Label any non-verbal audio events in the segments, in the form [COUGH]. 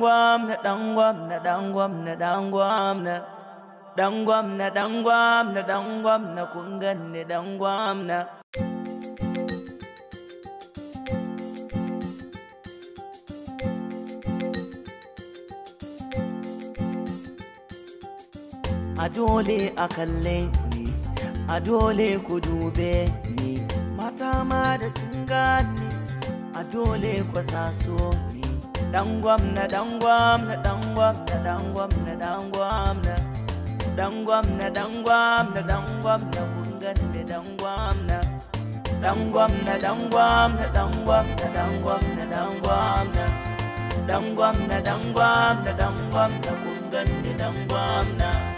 dangwam na dangwam na dangwam na dangwam na dangwam na dangwam na dangwam na kungan ne dangwam na a dole a kalle ni Adole dole ku dube ni mata ma da sun gane a ni dangwam na dangwam na dangwam na dangwam na dangwam na dangwam na dangwam na dangwam na kungan de dangwam na dangwam na dangwam na dangwam na dangwam na dangwam na dangwam na dangwam na dangwam na kungan de dangwam na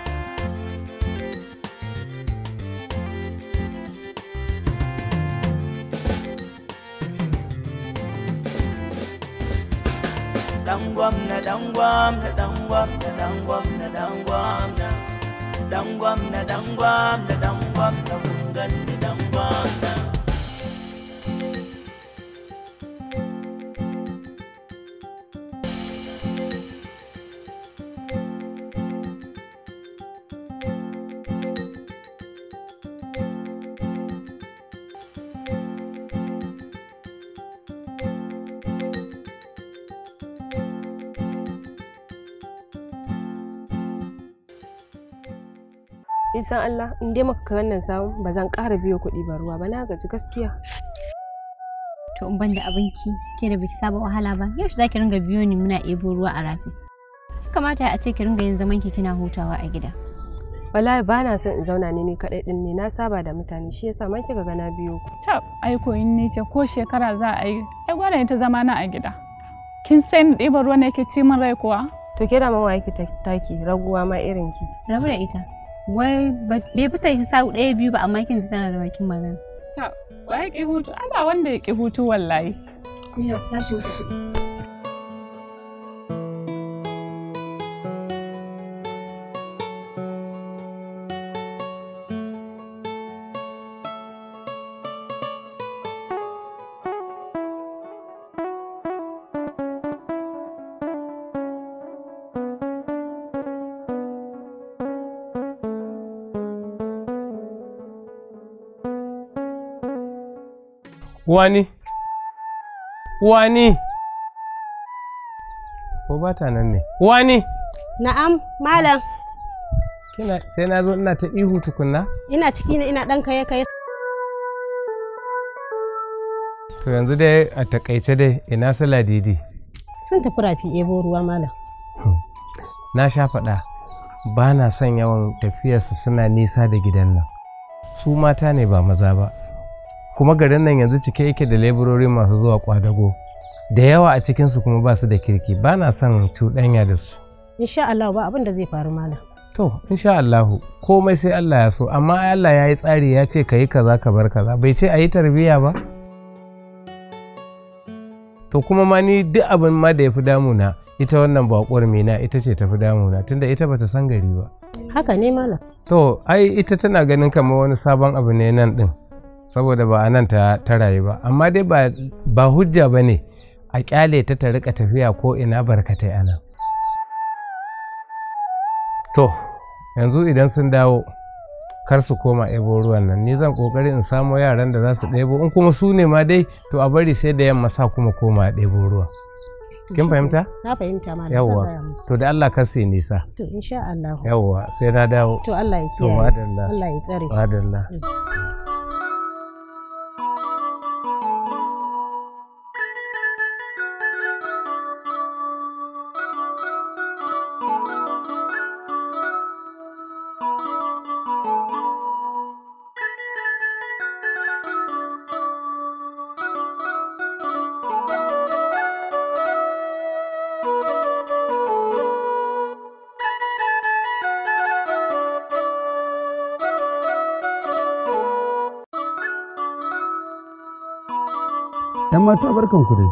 dangwam na dangwam na dangwam na dangwam na dangwam na dangwam na dangwam na dangwam na bungan na dangwam na san Allah in dai maka wannan samu ba zan ƙara biyo kuɗi ba ruwa ba na gaji gaskiya to in ban da abinki ke da biki saba wahala ba yaushe za ki ringa biyo ni muna ebo ruwa a rafi kamata a ce ki ringa yin zaman ki kina hutawa a gida wallahi ba na son in zauna ne ni kadai din ne na saba da mutane shi yasa ma kika ga na biyo ku Ta ai koyin ne ce ko shekara za a yi ai gwada ta zama na a gida kin san ɗiban ne ke ci min rai kuwa to ke da man yake taki raguwa ma irin ki rabu da ita wai bai fita sa'u ɗaya biyu ba amma kin ji tana da bakin magana ta ba ya ƙi hutu ana wanda ya ƙi hutu wallahi Wani? Wani? Ko ba ta nan ne? Wani? Na'am, malam. Kina sai na zo ina ta ihu tukunna? Ina ciki ne ina ɗan kaye kaye. To yanzu dai a takaice dai ina su ladidi. Sun tafi rafi ebo ruwa malam. Hmm. Na sha faɗa ba na son yawan tafiyarsu suna nisa da gidan nan. Su mata ne ba maza ba. kuma garin nan yanzu cike yake da leburori masu zuwa kwadago da yawa a cikinsu kuma ba su da kirki ba na son cuɗanya da su insha Allah ba abin da zai faru mana to insha Allah komai sai Allah ya so amma Allah ya yi tsari ya ce ka yi kaza ka bar kaza bai ce a yi tarbiyya ba to kuma ma ni duk abin ma da ya fi damuna ita wannan bakuwar mina ita ce ta fi damuna tunda ita bata san gari ba haka ne malam to ai ita tana ganin kamar wani sabon abu ne nan din saboda ba nan ta, ta rayu ba amma dai ba, hujja ba ne a kyale ta ta rika tafiya ko ina barkatai anan to yanzu idan sun dawo kar su koma ɗebo ruwan nan ni zan ƙoƙari in samo yaran da za su ɗebo in kuma su ne ma dai to a bari sai da yamma sa kuma koma ɗebo ruwa kin fahimta na fahimta ma yawwa to da Allah kar sai nisa to insha Allah yawwa sai na dawo to Allah ya kiyaye Allah ya tsare madalla mm. mata barkan ku dai.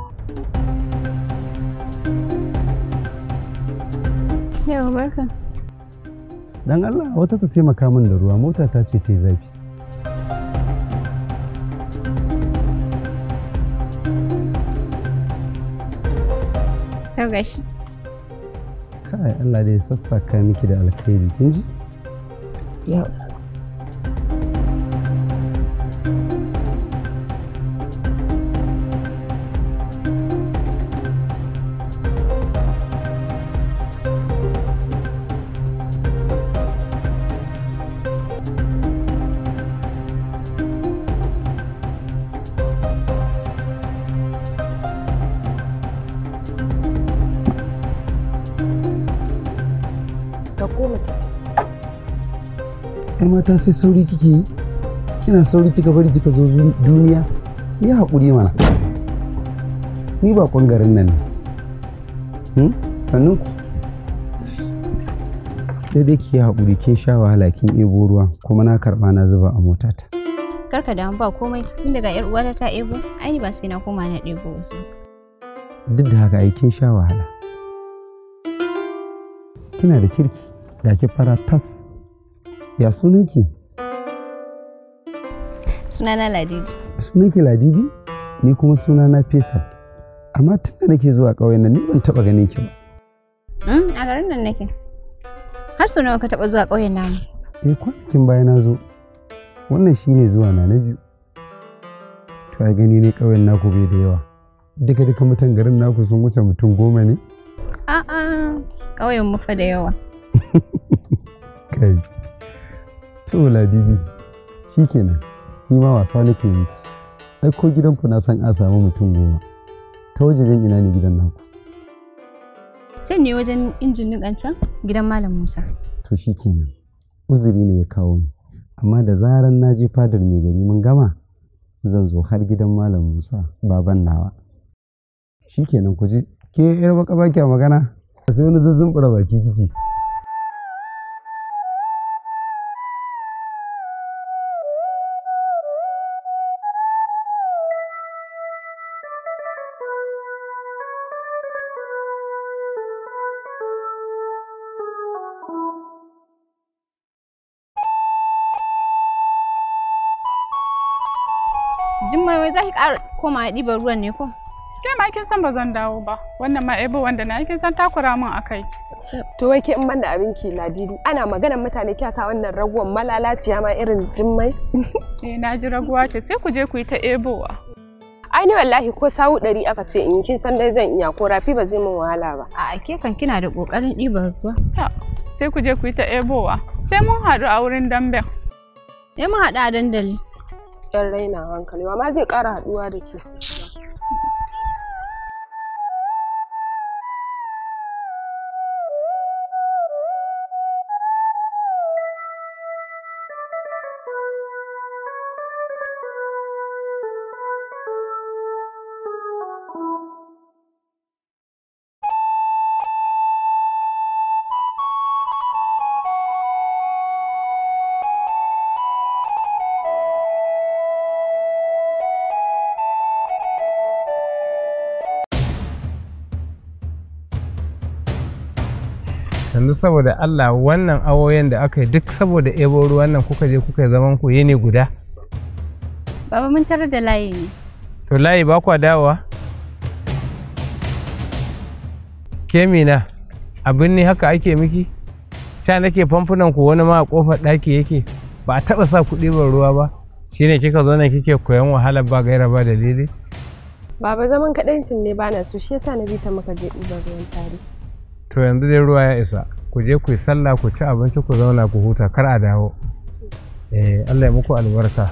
Yawa barkan. Dan Allah wata ta taimaka min da ruwa mota ta ce ta zafi. gashi. Kai Allah dai sassaka miki da alkhairi kin ji? Yau. mata sai sauri kike yi kina sauri kika bari kika zo duniya ki yi mana ni ba garin nan ne hmm? sannan ku sai dai ki yi haƙuri kin sha wahala kin ebo ruwa kuma na karɓa na zuba a motata karka damu ba komai tun daga yar uwata ta ebo ai ba sai na koma na ebo wasu duk da haka ai kin sha wahala kina da kirki ga ki fara tas ya sunanki sunana ladidi sunanki ladidi ni kuma sunana fesa amma tun da nake zuwa ƙauyen nan ni ban taɓa ganin ki ba hmm, a garin nan nake har sau nawa ka taɓa zuwa ƙauyen nan? eh kwanakin baya na zo wannan shine zuwa na na biyu to a gani ne ƙauyen naku bai da yawa duka duka mutan garin naku sun wuce mutum goma ne a'a ƙauyen mu fa da yawa [LAUGHS] kai To Labibi, shi kenan, ni ma wasa nake yi. Ai ko gidanku na san a samu mutum goma. Ta wajen ina ne gidan naku? Can ne wajen injin can gidan Malam Musa. To shi kenan, uzuri ne ya kawo ni. Amma da zaran na je fadar mai gari mun gama, zan zo har gidan Malam Musa baban nawa. Shi kenan ku je, ke yar baka baki magana? Sai wani zuzzun baki kike. a ɗiban ruwan ne ko? Ke ma kin san ba zan dawo ba. Wannan ma ebo wanda na kin san takura min akai. To wai ke in ban da ki, Ladidi. Ana maganar mutane kya sa wannan raguwar malalaciya ma irin jimmai. [LAUGHS] Eh na ji raguwa ce sai ku je ku yi ta wa. Ai ni wallahi ko sawu ɗari aka ce in kin san dai zan iya ko rafi ba zai min wahala ba. A'a ke kan kina da ƙoƙarin ɗiban ruwa. Sai ku je ku yi ta wa. Sai mun haɗu a wurin dambe. Sai mun haɗu a dandali. 'yan raina hankali wa ma zai ƙara haɗuwa da ke saboda Allah wannan awoyin da aka yi duk saboda ebo ruwan nan kuka je kuka zaman ku ne guda? Baba mun tarar da layi ne. To layi ba kwa dawowa? Kemina, abin ne haka ake miki? Ca nake famfunan ku wani ma a kofar ɗaki yake ba a taɓa sa kuɗi ba ruwa ba. Shine kika zo nan kike koyan wahalar ba gaira ba dalili? Baba zaman kaɗancin ne bana so shi yasa na bi ta maka je ɗiban ruwan tare. to yanzu dai ruwa ya isa ku je ku yi sallah ku ci abinci ku zauna ku huta kar a dawo eh Allah ya muku albarka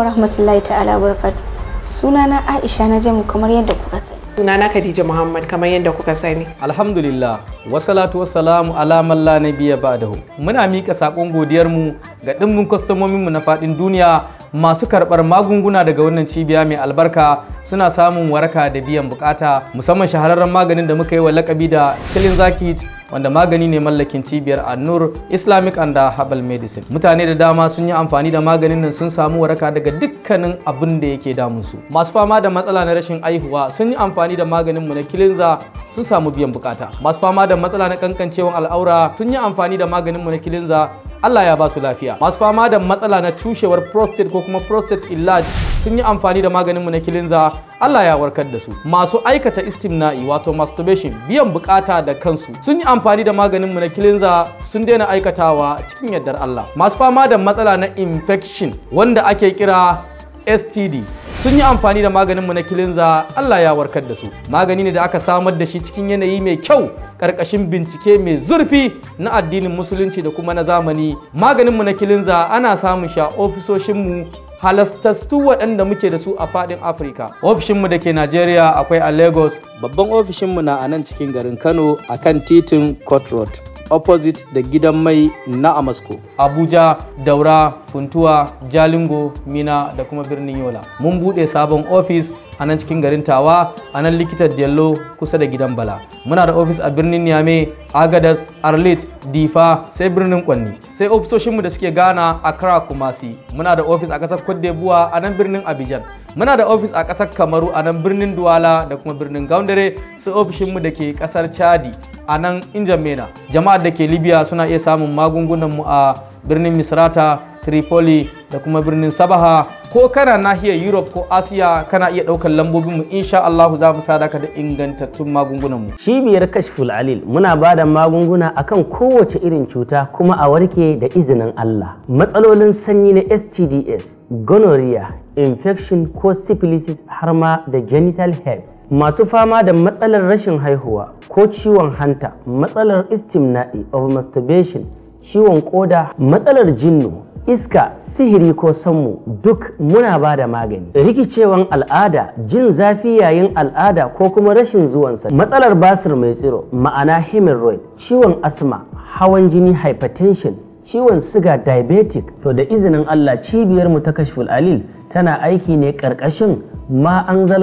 alaikum wa ta'ala barkatu. Sunana Aisha na jamu kamar yadda kuka sani. Sunana Khadija Muhammad kamar yadda kuka sani. Alhamdulillah, wasalatu wasalamu ala man la nabiyya ba'dahu. Muna mika sakon godiyar mu ga dimbin kwastomomin mu na fadin duniya masu karɓar magunguna daga wannan cibiya mai albarka suna samun waraka da biyan bukata musamman shahararren maganin da muka yi wa lakabi da killing zakit wanda magani ne mallakin cibiyar annur islamic and herbal medicine mutane da dama sun yi amfani da maganin nan sun samu waraka daga dukkanin abin da yake damunsu masu fama da matsala na rashin aihuwa sun yi amfani da maganinmu na kilinza sun samu biyan bukata masu fama da matsala na kankancewan al'aura sun yi amfani da maganinmu na kilinza Allah ya ba su lafiya masu fama da matsala na cushewar prostate ko kuma prostate illage sun yi amfani da maganinmu na kilinza Allah ya warkar da su masu aikata istimna'i wato masturbation biyan bukata da kansu sun yi amfani da maganinmu na kilinza sun daina aikatawa cikin yardar Allah masu fama da matsala na infection wanda ake kira std sun yi amfani da maganinmu na kilinza allah ya warkar da su magani ne da aka samar da shi cikin yanayi mai kyau ƙarƙashin bincike mai zurfi na addinin musulunci da kuma na zamani maganinmu na kilinza ana samun shi a ofisoshinmu halastastu waɗanda muke da su a faɗin afirka ofishinmu da ke nigeria akwai a lagos babban ofishinmu na a cikin garin kano akan titin court road opposite da gidan mai na amasko abuja daura funtuwa jalingo mina da kuma birnin yola mun buɗe sabon ofis a nan cikin garin tawa a nan likitar dello kusa da gidan bala muna da ofis a birnin niame agadas arlit difa sai birnin kwanni sai ofisoshinmu da suke gana accra kumasi muna da ofis a ƙasar cote d'ivoire a nan birnin abidjan muna da ofis a ƙasar kamaru a nan birnin duwala da kuma birnin gaundare sai ofishinmu da ke ƙasar chadi a nan injamena jama'ar da ke libya suna iya samun magungunanmu a birnin misrata tripoli da kuma birnin sabaha ko kana nahiyar europe ko Asia kana iya ɗaukar lambobinmu insha Allah za mu sadaka da ingantattun magungunanmu cibiyar kashful alil muna ba da magunguna akan kowace irin cuta kuma a warke da izinin allah matsalolin sanyi na stds gonorrhea infection ko syphilis har ma da genital herpes masu fama da matsalar rashin haihuwa ko ciwon hanta matsalar istimna'i of masturbation ciwon koda matsalar jinnu iska sihiri ko sanmu, duk muna ba da magani rikicewan al'ada jin zafi yayin al'ada ko kuma rashin zuwansa matsalar basir mai tsiro ma'ana hemorrhoid ciwon asma hawan jini hypertension ciwon siga diabetic to da izinin allah cibiyar mu ta kashful alil tana aiki ne ƙarƙashin ma an da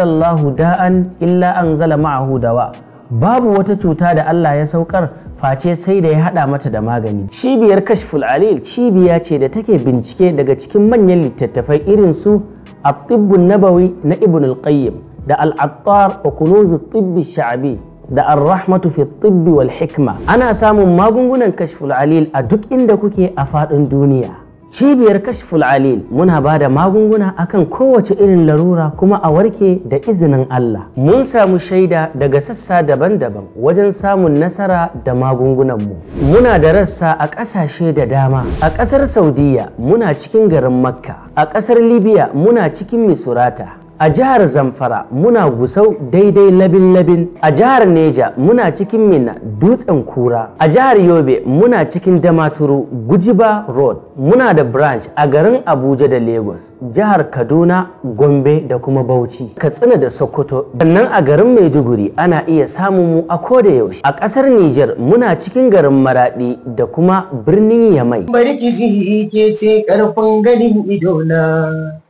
da'an illa an zala ma'ahu dawa babu wata cuta da allah ya saukar face sai da ya haɗa mata da magani. Cibiyar Kashful Alil cibiya ce da take bincike daga cikin manyan littattafai irin su Abdibbun Nabawi na Ibn al-Qayyim da Al-Attar wa Kunuzu Tibbi Sha'abi da Ar-Rahmatu fi Tibbi wal Hikma. Ana samun magungunan Kashful Alil a duk inda kuke a faɗin duniya. cibiyar kashful alil muna ba da magunguna akan kowace irin larura kuma a warke da izinin Allah mun samu shaida daga sassa daban-daban wajen samun nasara da magungunanmu muna da rassa a ƙasashe da dama a ƙasar saudiya muna cikin garin makka a ƙasar libya muna cikin misurata a jihar zamfara muna gusau daidai labin-labin a jihar neja muna cikin mina dutsen kura a jihar yobe muna cikin damaturu gujiba road muna da branch a garin abuja da lagos jihar kaduna gombe da kuma bauchi katsina da sokoto sannan a garin maiduguri ana iya samun mu a koda yaushe a ƙasar Nijar, muna cikin garin maradi da kuma birnin yamai barki ke ce karfin ganin idona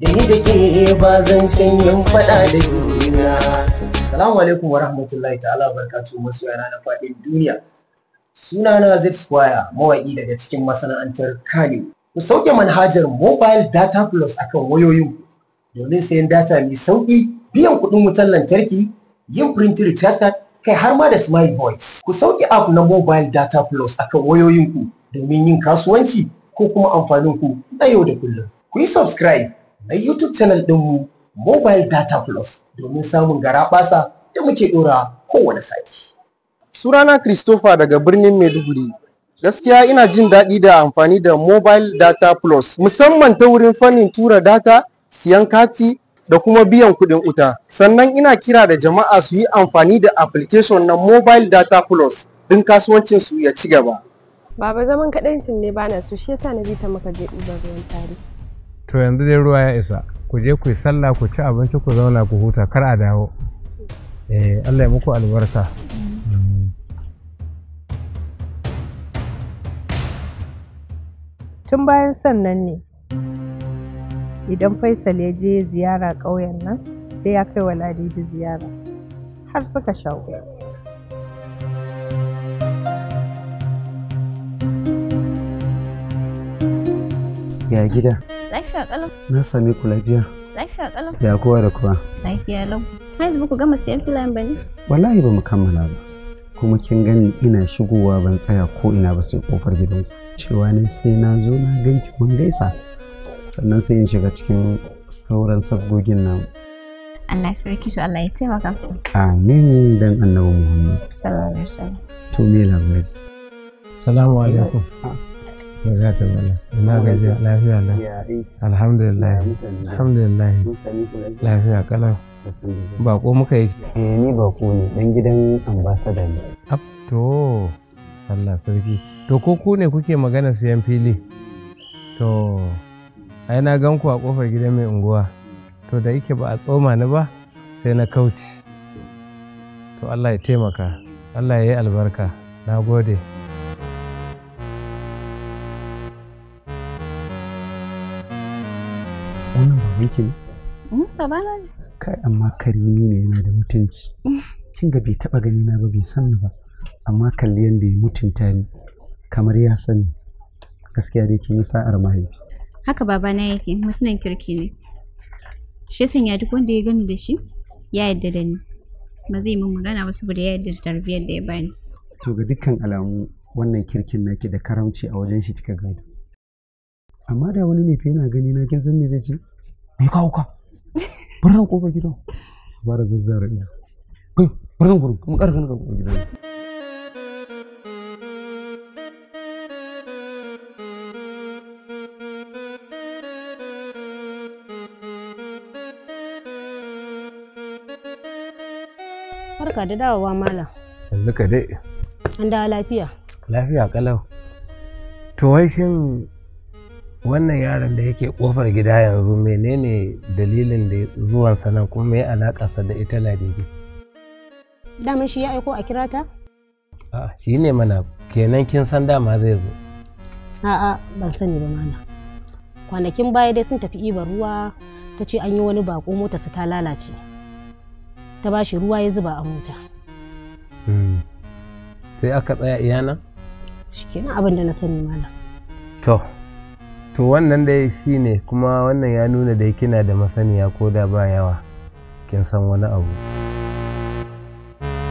da ni da ke ba zan yin faɗa da juna. Salamu alaikum wa rahmatullahi ta'ala barkatu masu yana na faɗin duniya. Sunana Z Squire mawaƙi daga cikin masana'antar Kano. Ku sauke manhajar Mobile Data Plus akan wayoyin domin sayan data mai sauƙi, biyan kuɗin wutar lantarki, yin print recharge card, kai har ma da Smile Voice. Ku sauke app na Mobile Data Plus akan wayoyinku domin yin kasuwanci ko kuma amfanin ku na yau da kullum. Ku yi subscribe na YouTube channel ɗinmu Mobile Data Plus domin samun garaɓasa da muke ɗora kowane sati. Surana Christopher daga birnin Maiduguri. Gaskiya ina jin daɗi da amfani da Mobile Data Plus musamman ta wurin fannin tura data, siyan kati da kuma biyan kuɗin wuta. Sannan ina kira da jama'a su yi amfani da application na Mobile Data Plus kasuwancin kasuwancinsu ya ci gaba. Baba zaman kaɗancin ne bana so shi yasa na bi ta maka je ɗubar ruwan tarihi to yanzu dai ruwa ya isa ku je ku yi sallah ku ci abinci ku zauna ku huta kar a dawo eh Allah ya muku albarka tun bayan sannan ne idan faisal ya je ziyara ƙauyen nan sai ya kai wa ladidi ziyara har suka shaku ya gida Lafiya ƙalau. Na same ku lafiya. Lafiya ƙalau. Ya kowa da kowa. Lafiya lau. Haiz ba ku gama siyan filayen ba ne? Wallahi ba mu kammala ba. Kuma kin gani ina shigowa ban tsaya ko ina ba sai kofar ku. Cewa ne sai na zo na ganki mun gaisa. Sannan sai in shiga cikin sauran sabgogin nan. Allah ya sarki to Allah ya taimaka. Amin dan annabi Muhammad. Sallallahu alaihi wasallam. To me labarai? Salamu alaikum. Ah. Barka mala. Ina gajiya lafiya na. Alhamdulillah. Alhamdulillah. Lafiya kalau. Bako muka yi. Eh ni bako ne dan gidan ambassador ne. Ab to Allah sarki. To ko ku ne kuke magana siyan fili? To ai na gan ku a kofar gidan mai unguwa. To da yake ba a tsoma ni ba sai na kauce. To Allah ya taimaka. Allah ya yi albarka. Na gode. Hmm, babanki ne? na ne. Kai amma karimi ne yana da mutunci. [LAUGHS] Kin ga bai taɓa gani na ba bai san ni ba. Amma kalli yadda ya mutunta ni kamar ya sani. Gaskiya dai kin yi sa'ar mahaifi. Haka babana yake mutunan kirki ne. Shi ya duk wanda ya gani da shi ya yarda da ni. Ba zai min magana ba saboda ya yarda da tarbiyyar da ya bani. To ga dukkan alamu wannan kirkin naki da karamci a wajen shi kika gado. Amma da wani ne fa yana gani na kin san me zai ce? me kawo ka nan kofar gidan bara zazzara ina kai bar nan gurin kuma ƙarfin kofar gidan Barka da dawowa malam. Yanzu ka dai. An dawo lafiya. Lafiya kalau. To wai shin wannan yaron da yake kofar gida yanzu menene dalilin da zuwan sanan kuma me alakarsa da ita ladidi dama shi ya aiko a kira ta a'a shi ne mana kenan kin san dama zai zo a'a ban sani ba mana kwanakin baya dai sun tafi ibar ruwa ta ce an yi wani bako su ta lalace ta ba shi ruwa ya zuba a mota hmm. sai aka tsaya iyana shi kenan abin da na sani mana to to wannan dai shi ne kuma wannan ya nuna dai kina da masaniya ko da ba yawa kin san wani abu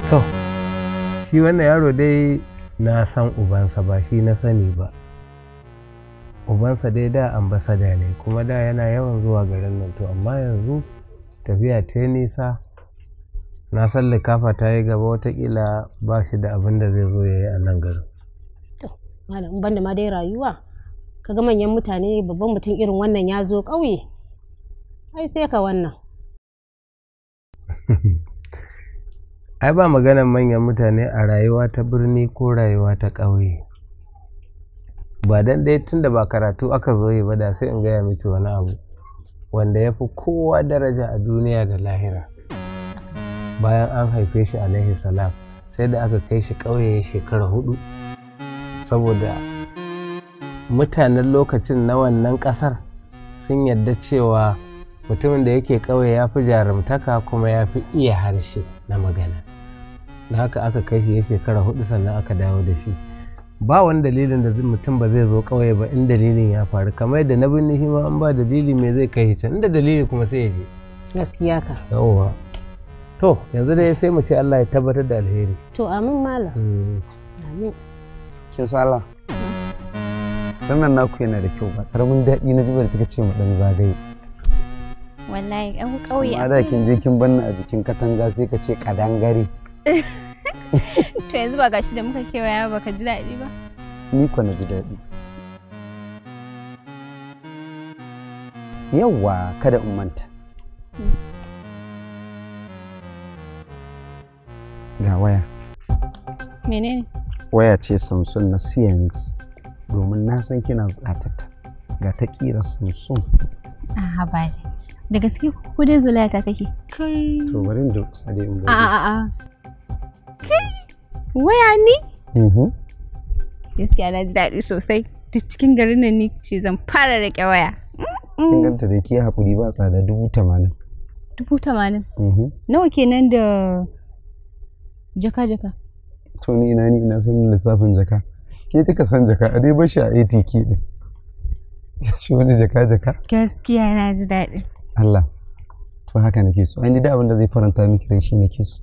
to shi wannan yaro dai na san ubansa ba shi na sani ba ubansa dai da ambasada ne kuma da yana yawan zuwa garin nan to amma yanzu tafiya ta nisa na san likafa ta yi gaba watakila ba shi da abin da zai zo ya yi a nan garin. To, malam ban da ma dai rayuwa kaga manyan mutane babban mutum irin wannan ya zo ƙauye ai sai ka wannan [LAUGHS] ai ba maganar manyan mutane a rayuwa ta birni ko rayuwa ta ƙauye ba dan dai tunda ba karatu aka zo yi ba da sai in gaya miki wani abu wanda ya fi kowa daraja a duniya da lahira bayan an haife shi alaihi salam sai da aka kai shi ƙauye shekara hudu saboda mutanen lokacin na wannan ƙasar sun yadda cewa mutumin da yake ƙauye ya fi jarumtaka kuma ya fi iya harshe na magana da haka aka kai shi ya shekara hudu sannan aka dawo da shi ba wani dalilin da mutum ba zai zo ƙauye ba in dalilin ya faru kamar yadda na birni shi ma an ba dalili me zai kai can inda dalili kuma sai ya je gaskiya ka yawwa to yanzu dai sai mu ce Allah ya tabbatar da alheri to amin malam mm. amin kin sala. wannan naku yana da kyau ba karamin daɗi na jibar kika ce mu dan zagaye wallahi ɗan ƙauye amma da kin je kin banna a jikin katanga sai ka ce kadangare [LAUGHS] to yanzu ba gashi da muka kewaya ba ka ji daɗi ba ni ko na ji daɗi yawwa kada in manta ga waya menene waya ce samsun na siyanki domin na san kina buƙatar ga ta kira sunsun. A ba da gaske ko dai zulaya ta kake. Kai. To bari in durƙusa dai in A a a. Kai waya ni? Mm-hmm. Gaskiya na ji daɗi sosai. Duk cikin garin nan ni ce zan fara riƙe waya. Kin ganta da ke haƙuri ba tsada dubu tamanin. Dubu tamanin? Mm-hmm. Nawa kenan da jaka-jaka? To ni ina ni ina sanin lissafin jaka. ke kika san jaka a dai bashi a ATK din ya ce wani jaka jaka gaskiya na ji daɗi Allah to haka nake so ai ni da abin da zai faranta miki rai shi nake so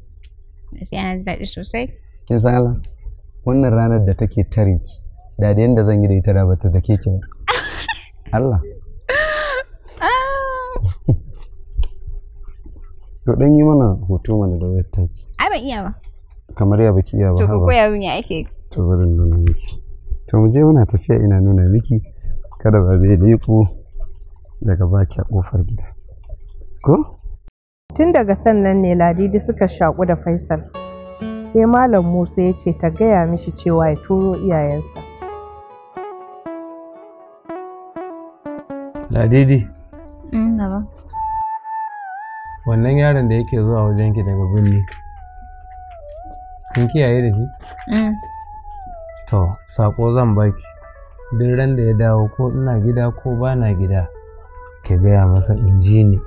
gaskiya na ji daɗi sosai kin san Allah wannan ranar da take tare ki da da yanda zan yi da ita da bata da ke ba [LAUGHS] Allah ah! to dan yi mana hoto mana da wayar taki ai ban iya ba kamar ya baki iya ba to ko koya min ya ake to wurin nuna miki to mu je muna tafiya ina nuna miki kada ba bai leƙo daga baki a ƙofar gida ko tun daga sannan ne ladidi suka shaku da faisal sai malam musa ya ce ta gaya mishi cewa ya turo iyayensa ladidi eh, wannan yaron da yake zuwa wajenki daga birni kun kiyaye da shi mm. To, saƙo zan baki. Duk ran da ya dawo ko ina gida ko ba na gida, ki gaya masa inji ji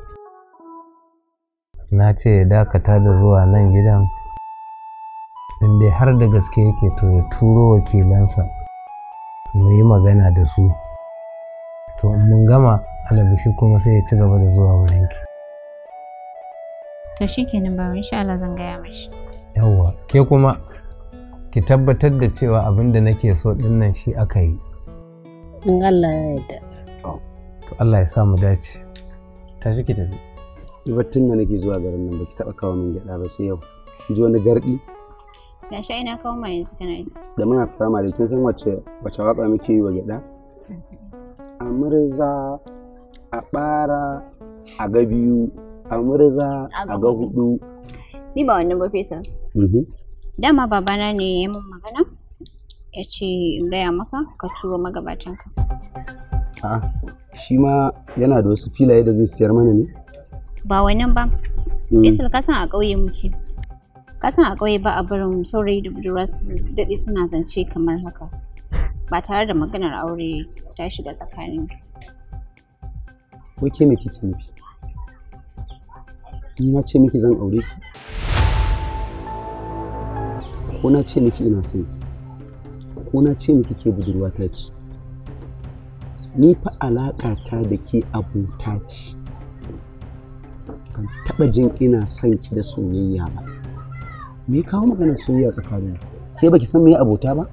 Na ce ya dakata da zuwa nan gidan, in har da gaske yake to ya turo wakilansa, mu yi magana da su. To, mun gama alabishi kuma sai ya ci gaba da zuwa wurinki. To shi kenan ba insha Allah zan gaya mashi. Yawwa, ke kuma ki tabbatar da cewa abin da nake so din nan shi aka yi in Allah ya yarda to Allah ya sa mu dace ta shi ki tafi ibattun da nake zuwa garin nan baki taba kawo min gyada ba sai yau ki ji wani gardi shi ina kawo ma yanzu kana yi da muna fama da kin san wace wace waka muke yi wa gyada a murza a bara a ga biyu a murza a ga hudu ni ba wannan ba fesa dama babana ne ya min magana ya ce in gaya maka ka turo magabatanka a'a shi ma yana da wasu filaye da zai siyar mana ne ba wannan ba hmm. Isil kasan san a ƙauye muke kasan a ƙauye ba a barin saurayi da budurwa su daɗe suna zance kamar haka ba tare da maganar aure ta shiga tsakanin wai ke me kike nufi ni na ce miki zan aure ki ko na ce miki ina son ki ko na ce miki ke budurwata ce ni fa alaƙa ta da ke abuta ce ban taɓa jin ina son ki da soyayya ba me kawo magana soyayya tsakanin ke baki san me abota ba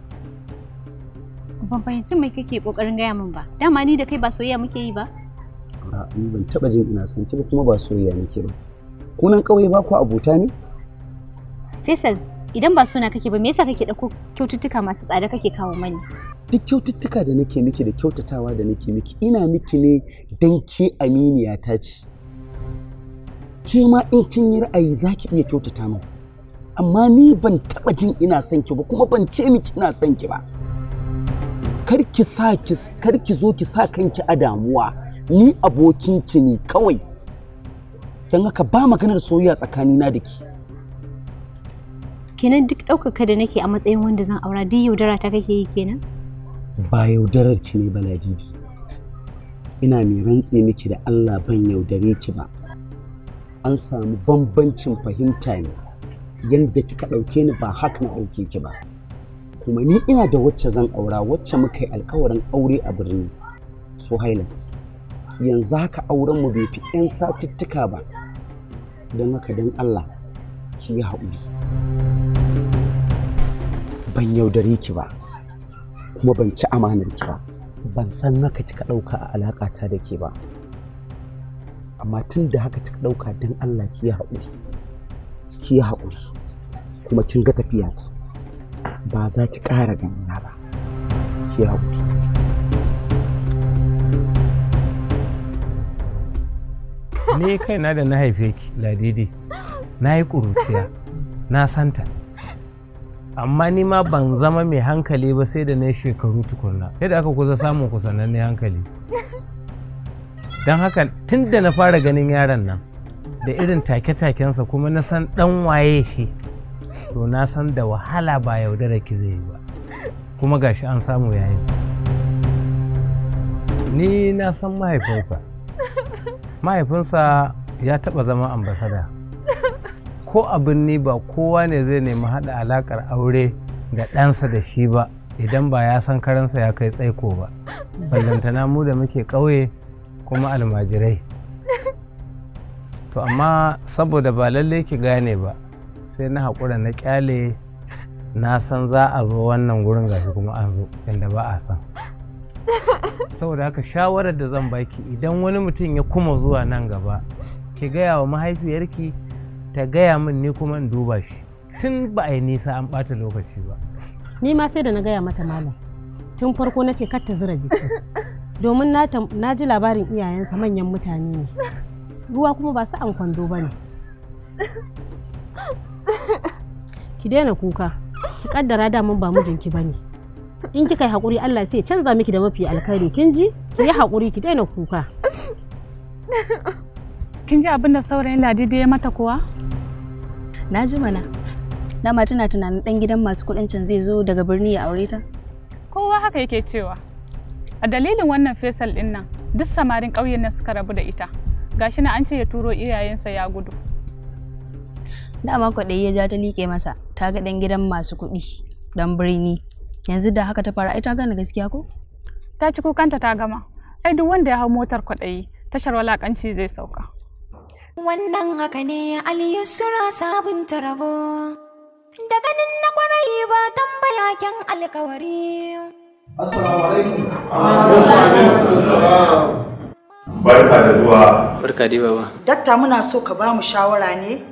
ban fahimci mai kake kokarin gaya min ba dama ni da kai ba soyayya muke yi ba a'a ni ban taɓa jin ina son ki ba kuma ba soyayya nake ba kunan ƙauye ba ku abota ne Faisal idan ba suna kake ba me yasa kake dauko kyaututtuka masu tsada kake kawo mani duk kyaututtuka da nake miki da kyautatawa da nake miki ina miki ne dan ke aminiya ta ce ke ma in kin yi ra'ayi zaki iya kyautata min amma ni ban taba jin ina son ki ba kuma ban ce miki ina son ki ba kar ki sa ki kar ki zo ki sa kanki a damuwa ni abokin ki ne kawai dan haka ba maganar soyayya tsakanina da ki kenan duk ɗaukaka da nake a matsayin wanda zan aura duk yaudara ta kake yi kenan ba yaudarar ki ne baladidi ina mai rantse miki da Allah ban yaudare ki ba an samu bambancin fahimta ne yadda kika ɗauke ni ba haka na ɗauke ki ba kuma ni ina da wacce zan aura wacce muka yi alkawarin aure a birni su highlands yanzu haka auren mu bai fi 'yan satuttuka ba don haka don Allah ki yi haƙuri. ban yaudare ki ba kuma ban ci amanar ki ba ban san naka kika ɗauka a alaƙata da ke ba amma tun da haka kika ɗauka don Allah ki yi haƙuri ki yi haƙuri kuma kin ga tafiya ta ba za ki ƙara ganina ba ki yi haƙuri ne kaina da na haife ki ladidi na yi ƙuruciya na santa amma ni ma ban zama mai hankali ba sai da na shekaru tukunna yadda aka kusa samun kusananne hankali don haka tun da na fara ganin yaron nan da irin take-takensa kuma na san dan waye shi to na san da wahala ba yaudara ki zai yi ba kuma gashi an samu yayin ni na san mahaifinsa mahaifinsa ya taɓa zama ambasada ko a birni ba kowa ne zai nemi haɗa alaƙar aure da ɗansa da shi ba idan ba ya san karansa ya kai tsaiko ba ballantana mu da muke ƙauye kuma almajirai to amma saboda ba lallai ki gane ba sai na haƙura na ƙyale na san za a zo wannan wurin gashi kuma an zo inda ba a san saboda haka shawarar da zan baki idan wani mutum ya kuma zuwa nan gaba ki gaya wa mahaifiyarki ta gaya min ni kuma in duba shi tun ba a yi nisa an ɓata lokaci ba ni ma sai da na gaya mata malam tun farko na ce kar ta zira jiki domin na ji labarin iyayensa manyan mutane ne ruwa kuma ba su kwando ba ne ki daina kuka ki kaddara damun ba mijinki ba ne in kika yi haƙuri allah sai canza miki da mafi alkhairi kin ji ki yi haƙuri ki daina kuka Kin ji abin da saurayin da ya mata kuwa? Na ji mana. ma tana tunanin ɗan gidan masu kuɗin can zai zo daga birni ya aure ta. Kowa haka yake cewa. A dalilin wannan fesal ɗin nan, duk samarin ƙauyen nan suka rabu da ita. Gashi na an ce ya turo iyayensa ya gudu. Dama kwaɗayi ya ja ta liƙe masa, ta ga ɗan gidan masu kuɗi, don birni. Yanzu da haka ta fara ai ta gane gaskiya ko? Ta ci kukanta ta gama. Ai duk wanda ya hau motar kwaɗayi, tashar walaƙanci zai sauka. Wannan haka ne Aliyu Sura sabunta rabo. Da ganin na kwarai ba tambaya kyan alkawari. Barka da zuwa. Barka dai baba. Dakta muna so ka ba mu shawara ne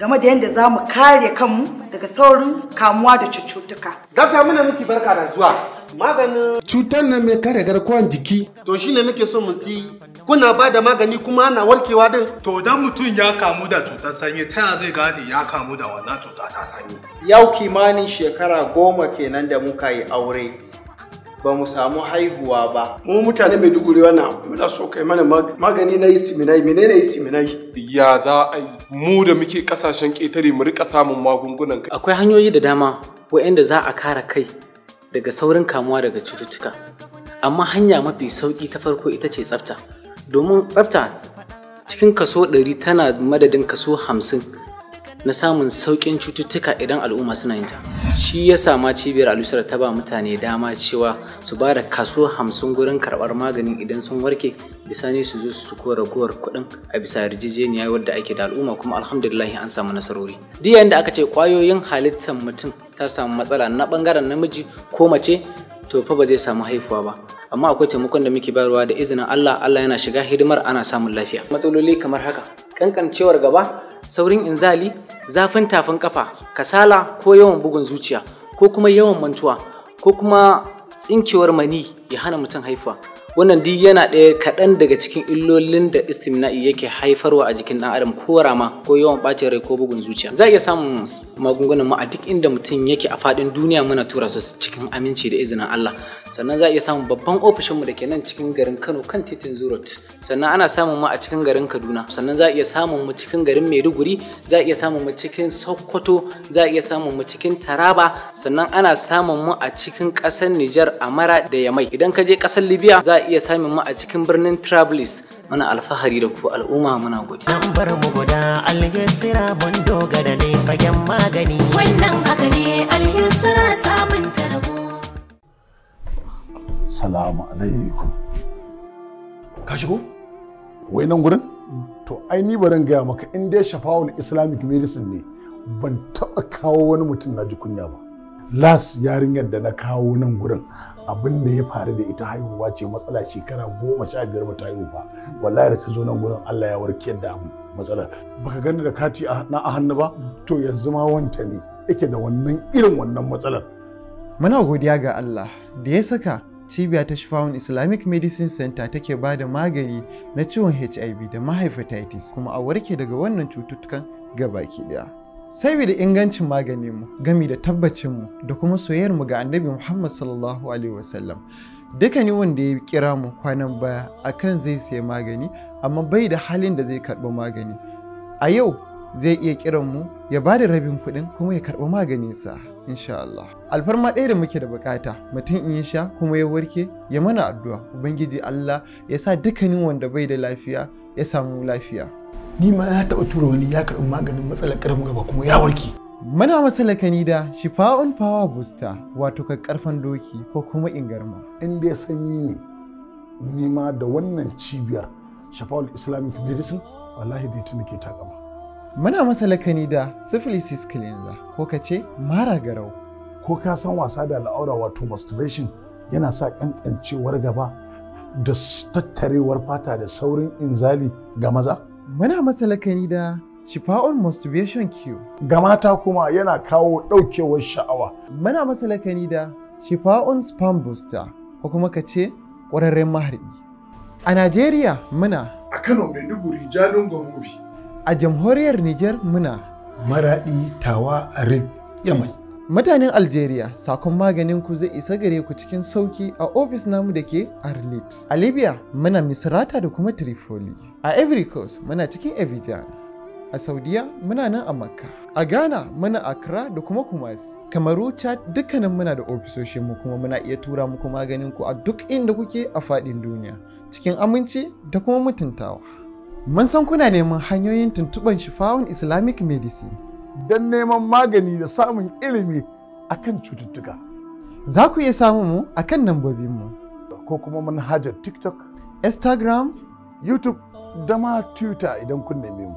game da yadda za mu kare kanmu daga saurin kamuwa da cututtuka. Dakta muna miki barka da zuwa. Maganin cutar nan mai kare garkuwar jiki. To ne muke so mu ci kuna ba da magani kuma ana warkewa din to dan mutum ya kamu da cutar sanyi ta zai gane ya kamu da wannan cuta ta sanyi yau kimanin shekara goma kenan da muka yi aure ba mu samu haihuwa ba mu mutane mai duguri wannan muna so kai mana magani na istiminai menene istiminai ya za a mu da muke kasashen ketare mu rika samun magungunan kai akwai hanyoyi da dama waɗanda za a kara kai daga saurin kamuwa daga cututtuka amma hanya mafi sauki ta farko ita ce tsafta domin tsafta cikin kaso 100 tana madadin kaso 50 na samun sauƙin cututtuka idan al'umma suna yinta shi ya sama cibiyar alusar ta ba mutane dama cewa su ba da kaso 50 gurin karɓar magani idan sun warke bisa ne su zo su tuko ragowar kuɗin a bisa yarjejeniya wadda ake da al'umma kuma alhamdulillah an samu nasarori duk yayin da aka ce kwayoyin halittar mutum ta samu matsala na bangaren namiji ko mace to fa ba zai samu haifuwa ba amma akwai taimakon da muke bayarwa da izinin Allah Allah yana shiga hidimar ana samun lafiya matsaloli kamar haka kankancewar gaba saurin inzali zafin tafin kafa kasala ko yawan bugun zuciya ko kuma yawan mantuwa ko kuma tsinkewar mani ya hana mutum haifuwa wannan duk yana ɗaya kaɗan daga cikin illolin da istimna'i yake haifarwa a jikin ɗan adam ko rama ko yawan ɓacin rai ko bugun zuciya za a iya samun magungunan mu a duk inda mutum yake a faɗin duniya muna tura su cikin aminci da izinin Allah sannan za a iya samun babban ofishinmu da ke nan cikin garin kano kan titin zurot sannan ana samun mu a cikin garin kaduna sannan za a iya samun mu cikin garin maiduguri za a iya samun mu cikin sokoto za a iya samun mu cikin taraba sannan ana samun mu a cikin ƙasar nijar amara da yamai idan ka je ƙasar libya za a iya samun mu a cikin birnin trablis muna alfahari da ku al'umma muna gode. An bar mu guda alhisira mun dogara ne fagen magani. Wannan aka ne alhisira samun rabu. salamu alaikum ka shigo wai nan gurin mm. to ai ni barin gaya maka in dai shafawul islamic medicine ne ban taɓa kawo wani mutum na ji kunya ba las yarinyar da na kawo nan gurin abin da ya faru da ita haihuwa ce matsala shekara goma sha biyar mata haihuwa wallahi da ta zo nan gurin Allah ya warke da matsalar baka gani da kati na a hannu ba mm. to yanzu ma wanta ne yake da wannan irin wannan matsalar muna godiya ga Allah da ya saka cibiya ta Shifawun Islamic Medicine Center take ba da magani na ciwon HIV da mahaifatitis, kuma a warke daga wannan cututtukan gabaki daya. Saboda ingancin maganinmu gami da tabbacin mu da kuma mu ga annabi Muhammad sallallahu Alaihi wasallam. Duka ne wanda ya kira mu kwanan baya akan zai saya magani amma bai da halin da zai karɓi magani. A yau zai iya kiran mu ya ba da rabin kuɗin kuma ya karɓi maganinsa. insha Allah alfarma ɗaya da muke da bukata mutum in ya sha kuma ya warke ya mana addu'a ubangiji Allah ya sa dukkanin wanda bai da lafiya ya samu lafiya ni ma ya taɓa tura wani ya karɓi maganin matsalar ƙarfin gaba kuma ya warke Muna masalaka da shifa'un power booster wato ka ƙarfan doki ko kuma ingarma. In dai sanyi ne nima da wannan cibiyar shafa'ul islamic medicine wallahi bai tuni ke takama. Muna masa lakani da syphilis cleanser ko ka ce mara garau. Ko ka san wasa da al'aura wato masturbation yana sa ƙanƙancewar gaba da tattarewar fata da saurin inzali ga maza? Muna masa lakani da shifa'un masturbation cure. Ga mata kuma yana kawo ɗaukewar sha'awa. Muna masa lakani da shifa'un sperm booster ko kuma ka ce ƙwararren maharbi. A Najeriya muna. A Kano Maiduguri Jalungo Movie. a jamhuriyar Nijar muna maraɗi tawa a yamai. Mutanen Algeria sakon maganin ku zai isa gare ku cikin sauki a ofis namu da ke Arlit. A Libya muna Misrata da kuma Tripoli. A Ivory Coast muna cikin Abidjan. A Saudiya muna nan a Makka. A Ghana muna Accra da kuma Kumasi. Kamaru Chad dukkanin muna da ofisoshin mu kuma muna iya tura muku maganin ku a duk inda kuke a faɗin duniya cikin aminci da kuma mutuntawa. Mun san kuna neman hanyoyin tuntuɓar shifawan Islamic Medicine. Don neman magani da samun ilimi a kan cututtuka. Za ku iya samun mu a kan mu. Ko kuma manhajar TikTok, Instagram, YouTube da ma Twitter idan kun neme mu.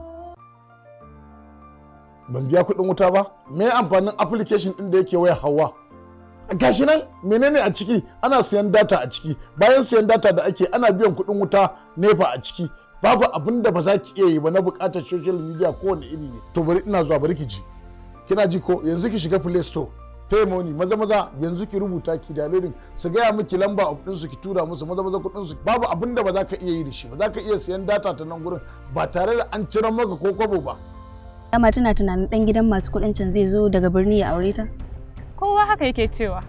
Ban biya kuɗin wuta ba, me amfanin application ɗin da yake waya hawa? gashi nan menene a ciki ana siyan data a ciki bayan siyan data da ake ana biyan kuɗin wuta nefa a ciki babu abin da ba za ki iya yi ba na bukatar social media kowane iri ne to bari ina zuwa bari ki ji kina ji ko yanzu ki shiga play store pay money maza maza yanzu ki rubuta ki dalilin su gaya miki lamba of din su ki tura musu maza maza kudin su babu abin da ba za ka iya yi da shi ba za ka iya siyan data ta nan gurin ba tare da an ciran maka ko kwabo ba dama tana tunanin ɗan gidan masu kudin can zai zo daga birni ya aure ta kowa haka yake cewa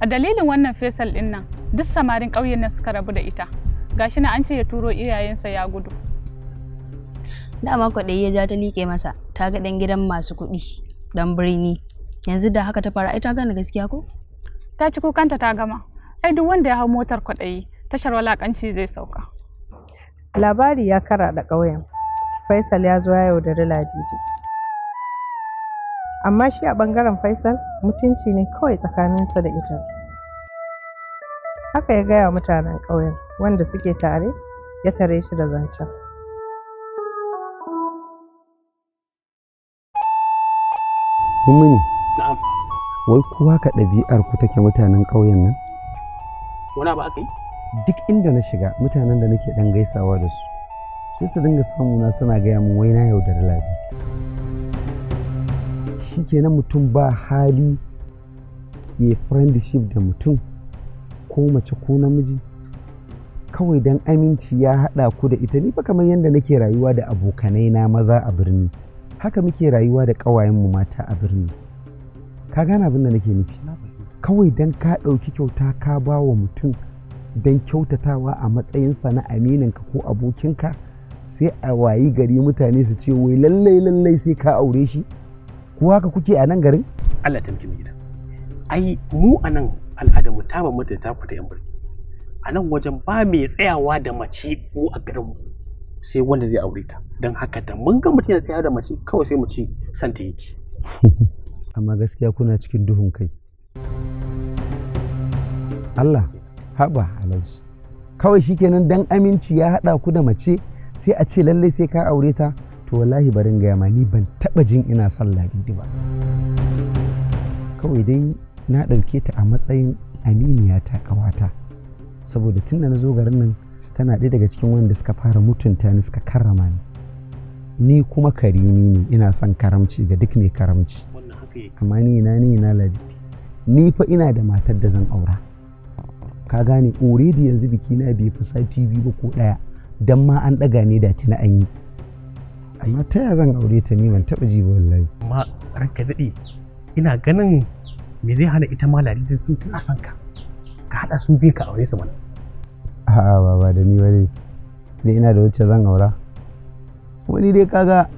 a dalilin wannan fesal din nan duk samarin ƙauyen nan suka rabu da ita gashi na an ce ya turo iyayensa ya gudu dama kwaɗayi ya ja ta liƙe masa ta ga ɗan gidan masu kuɗi ɗan birni yanzu da haka ta fara ai ta gane gaskiya ko ta ci kukanta ta gama ai duk wanda ya hau motar kwaɗayi tashar walaƙanci zai sauka labari ya kara da ƙauyen faisal ya zo ya yaudari ladidi amma shi a ɓangaren faisal mutunci ne kawai tsakaninsa da ita haka ya gaya mutanen ƙauyen wanda suke tare ya tare shi da zancen mini wai kuwa ka ɗabi'ar ku take mutanen ƙauyen nan wani ba aka yi duk inda na shiga mutanen da nake ɗan gaisawa da su sai su dinga samu na suna gaya min wai na yaudari labi shi kenan mutum ba hali ya friendship da mutum ko mace ko namiji kawai don aminci ya haɗa ku da ita ni fa kamar yadda nake rayuwa da abokanai na maza a birni haka muke rayuwa da ƙawayenmu mata a birni ka gane abin da nake nufi kawai don ka ɗauki kyauta ka ba wa mutum don kyautatawa a matsayinsa na amininka ko abokinka sai a wayi gari mutane su ce wai lallai lallai sai ka aure shi ko haka kuke a nan garin Allah ta mu gida ai mu a nan al'adar mu ta bambanta ta ku ta yan birni a nan wajen ba mai tsayawa da mace ko a garinmu sai wanda zai aure ta don haka da mun ga mutum ya tsayawa da mace kawai sai mu ci santa yake [LAUGHS] amma gaskiya kuna cikin duhun kai Allah haba alaji kawai shikenan dan aminci ya haɗa ku da mace sai a ce lallai sai ka aure ta to wallahi barin gaya ma ni ban taɓa jin ina son ladidi ba kawai dai na ɗauke ta a matsayin aminiya ta ƙawata saboda tun da na zo garin nan tana ɗaya daga cikin wanda suka fara mutunta ni suka karrama ni ni kuma karimi ne ina son karamci ga duk mai karamci amma ni ina ni na ladi ni fa ina da matar da zan aura ka gane already yanzu biki na bai fi sati biyu ba ko ɗaya dan ma an ɗaga ne da tina an yi amma ta ya zan aure ta ni ban taɓa ji ba wallahi amma ranka daɗe ina ganin me zai hana ita ma ladi tana son ka ka haɗa su biyu ka aure su mana a'a baba da ni bane ni ina da wacce zan aura wani dai kaga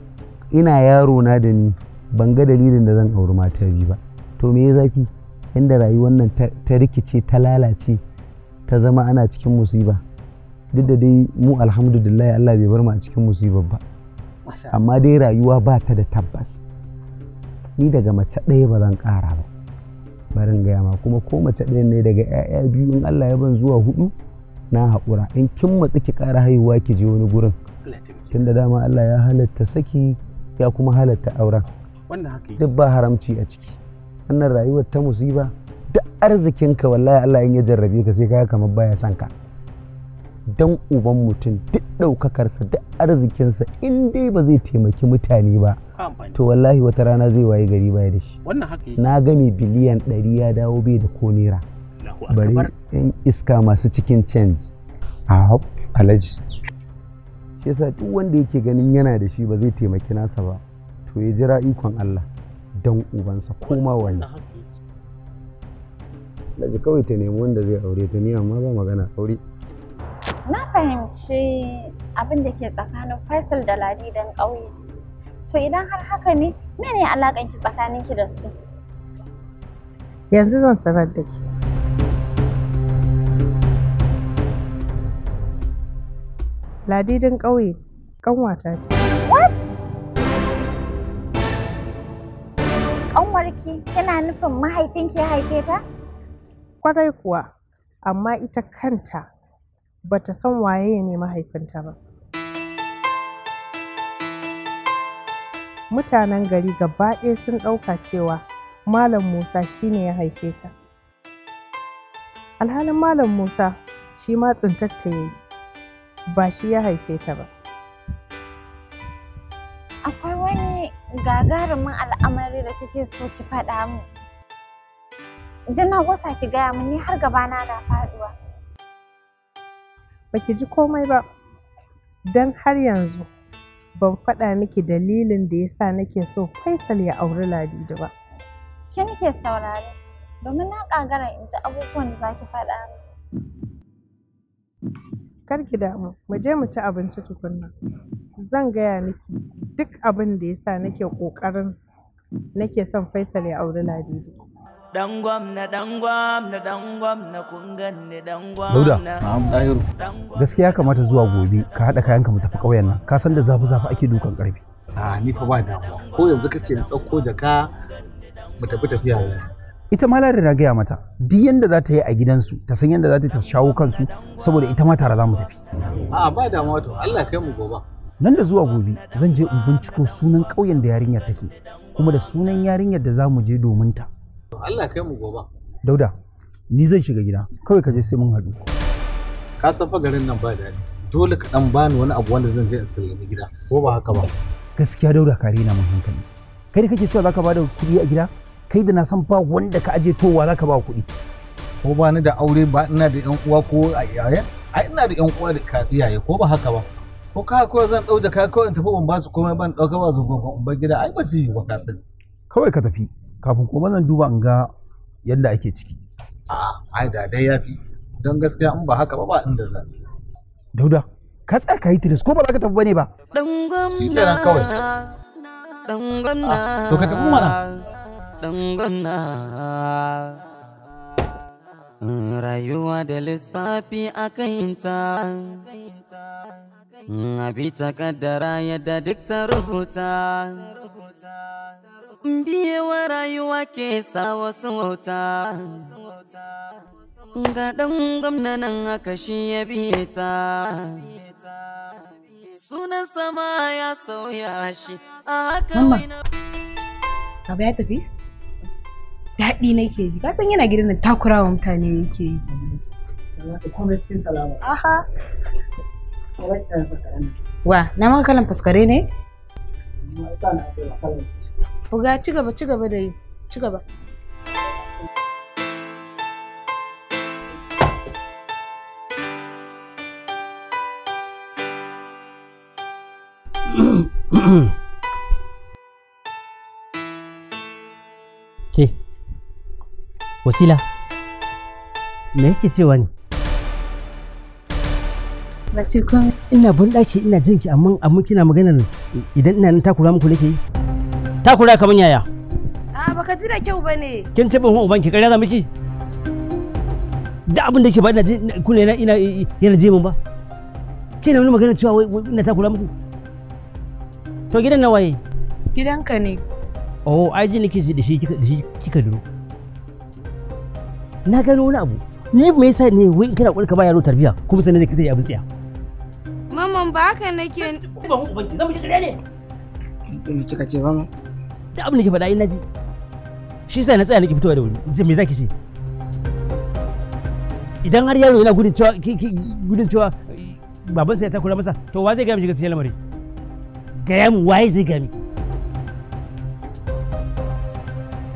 ina yaro na da ni ban ga dalilin da zan auri mata biyu ba to me zafi inda rayuwar nan ta rikice ta lalace ta zama ana cikin musiba duk da dai mu alhamdulillah Allah bai bar mu a cikin musiba ba amma dai rayuwa ba ta da tabbas ni daga mace ɗaya ba zan ƙara ba barin gaya ma kuma ko mace ɗaya ne daga 'ya'ya biyu in Allah ya ban zuwa hudu na haƙura in kin matsi ki ƙara haihuwa ki je wani gurin tunda dama Allah ya halatta saki ya kuma halatta auren duk ba haramci a ciki wannan rayuwar ta musiba duk arzikinka wallahi Allah in ya jarrabe ka sai ka kamar baya son ka Dan uban mutum duk ɗaukakarsa duk arzikinsa in dai ba zai taimaki mutane ba to wallahi wata rana zai waye gari baya da shi na game biliyan ɗari ya dawo bai da ko naira bari yan iska masu cikin change a alaji shi yasa duk wanda yake ganin yana da shi ba zai taimaki nasa ba to ya jira ikon Allah don ubansa koma wani daga kawai ta nemi wanda zai aure ta ni amma ba magana aure na fahimci abin da ke tsakanin faisal da ladi don ƙauye to idan har haka ne mene alaƙanki tsakaninki da su yanzu zan sanar da ke don ƙauye ƙanwata ce what ƙanwarki yana nufin mahaifinki ya haife ta kwarai kuwa amma ita kanta bata san waye ne mahaifinta ba mutanen gari gaba ɗaya sun ɗauka cewa malam musa shine ya haife ta alhalin malam musa shi ma tsintatta ya yi ba shi ya haife ta ba akwai wani gagarumin al'amari da kake so ki faɗa min idan na gosa ki gaya mun ni har gabana na faɗuwa baki ji komai ba don har yanzu ban faɗa miki dalilin da yasa nake so Faisal ya auri Ladidi ba. Ke nake domin na ƙagara in ji abubuwan da zaki faɗa Kar ki damu, mu je mu ci abinci tukunna. Zan gaya miki duk abin da yasa nake ƙoƙarin nake son Faisal ya auri Ladidi. dan gwamna dan gwamna dan gwamna kun ganni dan gwamna gaskiya kamata zuwa gobe ka hada kayanka mu tafi ƙauyen nan ka san da zafi zafi ake dukan karfi a ni fa ba damuwa ko yanzu kace in ɗauko jaka mu tafi tafiya ne ita ma lari na gaya mata duk yanda za ta yi a gidansu ta san yanda za ta shawo kansu saboda ita ma tare za mu tafi a ba damuwa to Allah kai mu gobe nan da zuwa gobe zan je in binciko sunan ƙauyen da yarinyar take kuma da sunan yarinyar da za mu je domin ta Allah kai mu gobe. Dauda, ni zai shiga gida, kawai ka je sai mun haɗu. Ka san fa garin nan ba daɗi. Dole ka ɗan bani wani abu wanda zan je in sallami gida, ko ba haka ba. Gaskiya Dauda ka na mun hankali. Kai da kake cewa zaka bada kuɗi a gida, kai da na san ba wanda ka aje towa zaka ba kuɗi. Ko ba ni da aure ba ina da ƴan uwa ko iyaye? Ai ina da ƴan uwa da iyaye ko ba haka ba. Ko ka kawai zan ɗau ka kawai in tafi ban ba su komai ban ɗauka ba su ban gida ai ba su yi ba ka sani. Kawai ka tafi. kafin kuma zan duba in ga yadda ake ciki a ai da dai fi. don gaskiya in ba haka ba ba inda zan dauda ka tsaya ka yi tiris ko ba za ka tafi bane ba dan gwamna kawai dan gwamna to ka tafi mana dan gwamna rayuwa da lissafi a kayinta abi ta kaddara yadda duk ta rubuta biyewa rayuwa ke sa wasu wauta ga ɗan gwamnanin aka shi ya biye ta sunan sama ya sauya shi a haka abu ya tafi daɗi ke ji kasan yana gidan da takurawa mutane yake yi aha wa na maka kalan faskare ne? Sa na kalan buga ci gaba ci gaba da yi ci gaba [COUGHS] ke wasila me yake cewa ne ina bin ɗaki ina jinki amma amma kina magana idan ina nan takura muku nake yi takura kamar yaya a ah, baka ji da kyau bane kin taɓa uban ki kare za miki da abin da yake ba ina ji kuna yana ina yana ji mun ba kina wani magana cewa wai ina takura muku to gidan na waye gidan ka ne oh ai ji nake da shi kika da shi kika duro na gano wani abu ne me yasa ne wai kana kula ka ba yaro tarbiya kuma sanin zai abin tsiya maman ba haka nake ban ubanki zamu ji ƙarya ne kika ce ba mu da abin da ke faɗa ina ji shi sai na tsaya nake fitowa da wuri in ce me zaki ce idan har yaro yana gudun cewa gudun cewa baban sa ya takura masa to wa zai gaya shi gaskiya lamarin gaya mu waye zai gaya miki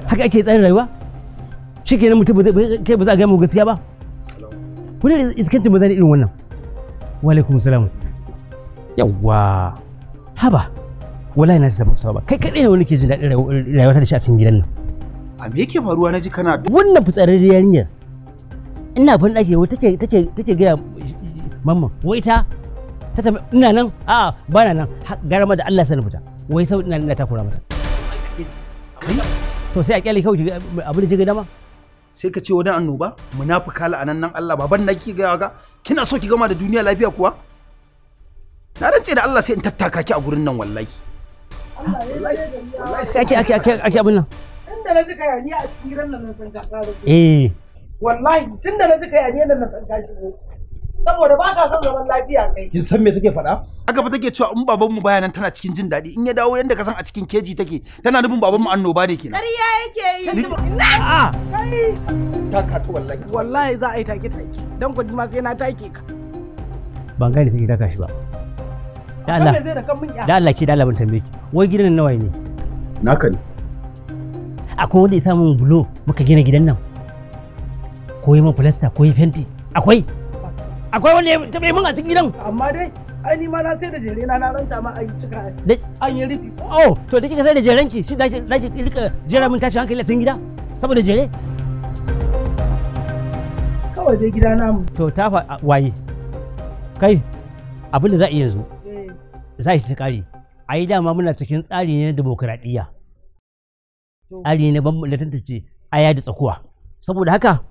haka ake tsarin rayuwa shikenan mutum kai ba za a gaya gaskiya ba kuna iskantin ba zan irin wannan wa alaikum salam yawwa haba wallahi na zama saba kai kadai ne wani ke jin daɗin rayuwa ta da shi a cikin gidan nan a me yake faruwa na ji kana wannan fitsarin yarinya ina ban dake wai take take take ga mamma wai ta ta ta ina nan a ba na nan garama da Allah sani fita wai sau ina ina takura mata to sai a kyale kawai abin da ji dama sai ka ce wani annoba munafika anan nan Allah baban na kike ga ga kina so ki gama da duniya lafiya kuwa na rantse da Allah sai in tattaka ki a gurin nan wallahi Ake ake ake ake abin nan. Tunda na ji kayaniya a cikin gidan nan san ka Eh. Wallahi tunda na ji kayaniya nan san ka Saboda ba ka son zaman lafiya kai. Kin san me take faɗa? Haka fa take cewa in baban mu bayanan tana cikin jin daɗi in ya dawo yanda ka san a cikin keji take tana nufin baban mu annoba ne kenan. Ƙarya yake yi. A'a. Ah! Kai. Taka wallahi. Wallahi za a yi take take. Dan ku sai na take ka. Ban gane sai ki shi ba. da Allah da Allah ke da Allah ban tambaye ki wai gidan nawa ne naka ne akwai wanda ya samu bulo muka gina gidan nan ko yi min filasta ko yi fenti akwai akwai wanda ya taɓa mun a cikin gidan amma dai ai ni ma na sai da jere na na ranta ma ai cika an yi rufi oh to da kika sai da jeren ki shi da ki rika jera mun tashi hankali a cikin gida saboda jere kawai dai gida namu to ta waye kai abin da za a iya yanzu za ta kare a yi dama muna cikin tsari ne na demokuraɗiyya tsari ne na tantance a da tsakuwa saboda haka